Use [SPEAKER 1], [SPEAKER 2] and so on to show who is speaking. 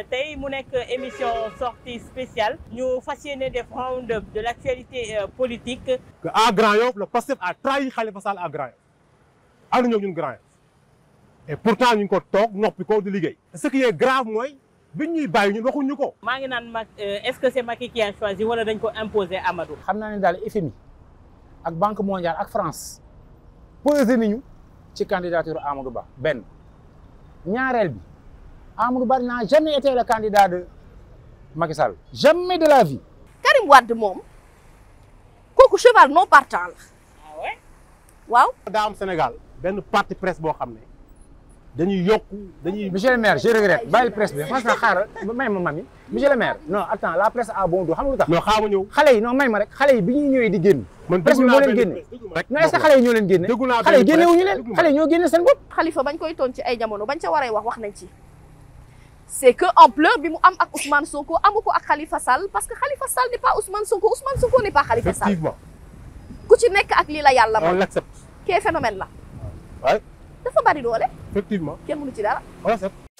[SPEAKER 1] tey mu nekk émission sortie spéciale ñu fas yéene def de l' euh, politique. que à Grand Yoff
[SPEAKER 2] le Pastef a trahi Khalifa Sall à Grand Yoff ànd ñoo ñun Grand Yoff et pourtant ñu ko toog noppi ko di liggéey. ce qui est grave mooy bi ñuy bàyyi ñun waxuñu ko. maa ngi naan mag euh, est ce que c' est Macky qui a choisi wala dañ ko imposer Amadou. xam naa ne daal FMI ak Banque mondiale ak France posé nañu ci candidature Amadou Ba benn ñaareel bi. Amadou Bari n'a jamais été le candidat de Macky Sall jamais de la vie. Karim Wade moom kooku cheval non partant la. waaw ah waaw. daa Sénégal benn parti presse boo xam ne dañuy yokk dañuy. monsieur le maire je regrette bàyyi presse bi parce que xaaral may ma mami monsieur le maire non attends la presse a bon dos xam nga lu ñëw xale yi non may ma rek xale yi bi ñuy ñëwee di génn. man presse bi moo génne.
[SPEAKER 1] non génne. xale yi leen xale yi génne seen bopp. xalifa bañ koy toon ci ay jamono bañ ca waree wax wax nañ ci. c'est que ampleur bi mu am ak Ousmane Sonko amu ko ak Khalifa sal parce que Khalifa Sall n'est pas Ousmane Sonko Ousmane Sonko n'est pas Khalifa Sall ku ci nekk ak lii la yàlla ma on l'accepte kee phénomène la waay dafa bari doole effectivement kenn mënu ci dara on l'accepte